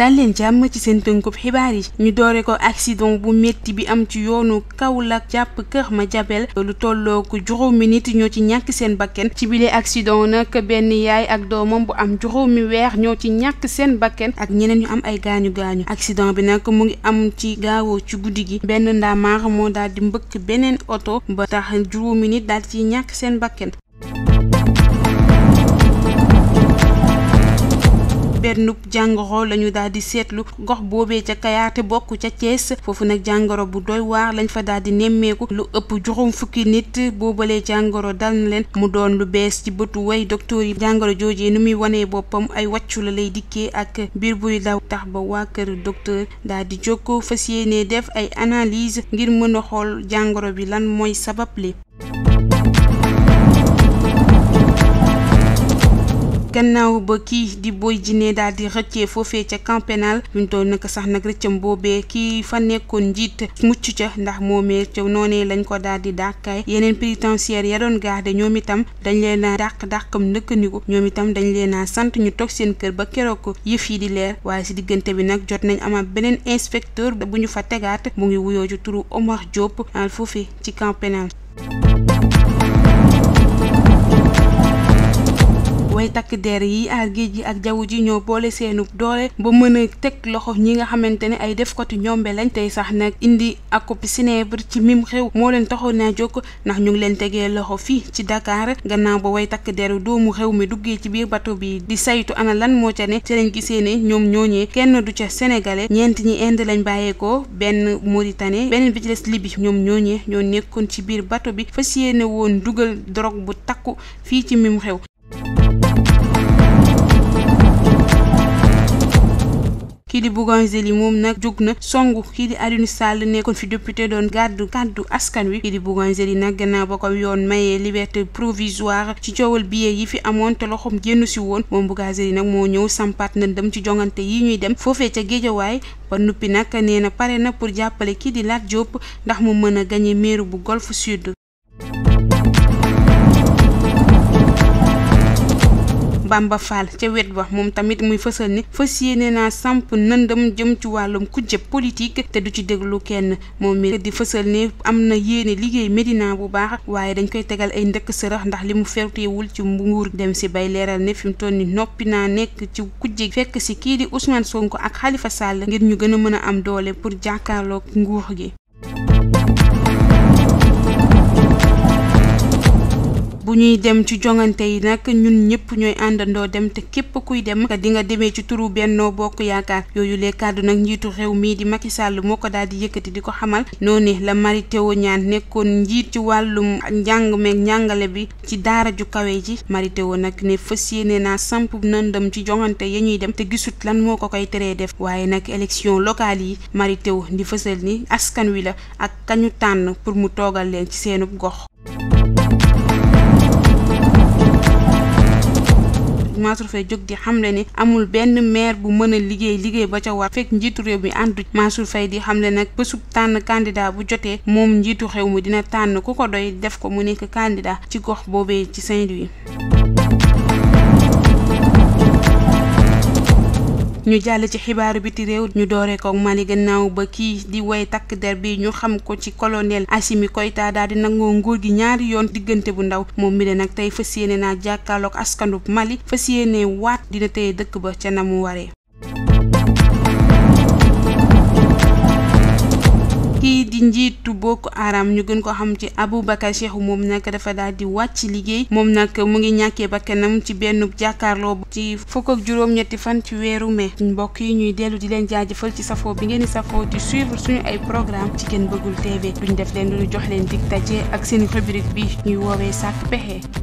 daal leen jàmm ci seen tënkub xibaar yi ñu doore ko accident bu métti bi am ci yoonu Kaolack jàpp Kër Madiabel lu tolloo ko juróomi nit ñoo ci ñàkk seen bakken ci bile accident nag benn yaay ak doomam bu am juróomi weex ñoo ci ñàkk seen bakken ak ñeneen ñu am ay gaañu gaañu accident bi nag mu ngi am ci gaawoo ci guddi gi benn ndaamaar moo daal di mbëkk beneen oto ba tax juróomi nit daal ci ñàkk seen bakken bennub jàngoro la ñu daal di seetlu gox boobee ca Kayar bokk ca Thiès foofu nag jàngoro bu doy waax lañ fa daal di nemmeeku lu ëpp juróom fukki nit boobalee jàngoro dal na leen mu doon lu bees ci bëtu way docteur yi jàngoro jooje ni muy wanee boppam ay wàccu la lay dikkee ak biir buy daw tax ba waa kër docteur daal di jokkoo fas ne def ay analyse ngir mën a xool jàngoro bi lan mooy sabab li gannaaw ba kii di booy Djiné daal di rëccee foofee ca camp pénal buñ toll nag sax nag rëccam boobee kii fa nekkoon njiit mucc ca ndax moomee ca noonee lañ ko daal di dàkkaay yeneen pénitentiaire ya doon garde ñoom itam dañ leen a dàq dàqam ndëkkandiku ñoom itam dañu leen a sant ñu toog seen kër ba keroog yëf yi di leer waaye si diggante bi nag jot nañ amaat beneen inspecteur bu ñu fa tegaat mu ngi wuyoo ci turu Omar Diop al foofe ci camp way takk der yi aar géej gi ak jaww ji ñoo boole seenu doole ba mën a teg loxo ñi nga xamante ne ay def koti ñombe lañ tey sax nag indi ak copie célèbre ci mim xew moo leen taxoon naa jokk ndax ñu ngi leen tegee loxo fii ci Dakar gannaaw ba way takk deru doomu xew mi duggee ci biir bato bi di saytu ana lan moo ca ne ci lañ gisee ne ñoom ñooñee kenn du ca sénégalais ñeent ñi indi lañ bàyyeekoo benn Mauritanie beneen bi ci des Libye ñoom ñooñee ñoo nekkoon ci biir bato bi fas yéene woon dugal drogue bu takku fii ci mim réew kii di Bougainville moom nag jóg na songu kii di Aliou Sall nekkoon fi député doon gàddu kàddu askan wi kii di yi nag gannaaw ba ko yoon mayee liberté provisoire ci coowal billet yi fi amoon te loxoom génn si woon moom yi nag moo ñëw sampaat na dem ci jongante yi ñuy dem foofee ca Géejawaay ba nuppi nag nee na pare na pour jàppale kii di Lat Diop ndax mu mën a gañe meeru bu Golf Sud Bamba Fall ca wet ba moom tamit muy fësal ne fas yéene naa samp nëndam jëm ci wàllum kujjëb politique te du ci déglu kenn moom mi di fësal ne am na yéene liggéey Médina bu baax waaye dañ koy tegal ay ndëkk sërëx ndax li mu ferteewul ci nguur dem si bay leeral ne fi mu toll ni noppi naa nekk ci kujje fekk si kii di Ousmane sonk ak Khalifa Sall ngir ñu gën a mën a am doole pour jàkkaarloog nguur gi bu ñuy dem ci jongante yi nag ñun ñëpp ñooy àndandoo dem te képp kuy dem di nga demee ci turu benn Bokk Yaakaar yooyu les kàddu nag njiitu réew mii di Macky Sall moo ko daal di yëkkati di ko xamal noonu la Mary Teuw Niane nekkoon njiit ci wàllum njàng meeg njàngale bi ci daara ju kawe ji Mary Teuw nag ne fas yéene naa samp nandam ci jongante ya ñuy dem te gisut lan moo ko koy teree def waaye nag élection locale yi Mary Teuw di fësal ni askan wi la ak kañu tànn pour mu toogal leen ci seenub gox Mansour Faye jóg di xamle ni amul benn maire bu mën a liggéey liggéey ba ca war fekk njiitu réew mi àndu Mansour Faye di xamle nag bésub tànn candidat bu jotee moom njiitu réew mi dina tànn ku ko doy def ko mu nekk candidat ci gox boobee ci Saint-Louis ñu jàll ci xibaaru biti réew ñu dooree ko Mali gannaaw ba kii di woy takk der bi ñu xam ko ci colonel Assimi Koïta daal di nangoo nguur gi ñaari yoon diggante bu ndaw moom mi de nag tey fas yéene naa jàkkaarloog askanu Mali fas yéene waat dina tey dëkk ba ca na mu waree. di njiitu Boko Haram ñu gën ko xam ci abu Aboubacar Cheikhou moom nag dafa daal di wàcc liggéey moom nag mu ngi ñàkkee bakkanam ci benn jàkkaarloo ci fukk ak juróom fan ci weeru mai mbokk yi ñuy dellu di leen jaajëfal ci safoo bi ngeen di safoo di suivre suñu ay programme ci Ken Bëggul TV duñ def leen lu jox leen dig daje ak seen rubrique bi ñuy woowee sàkk pexe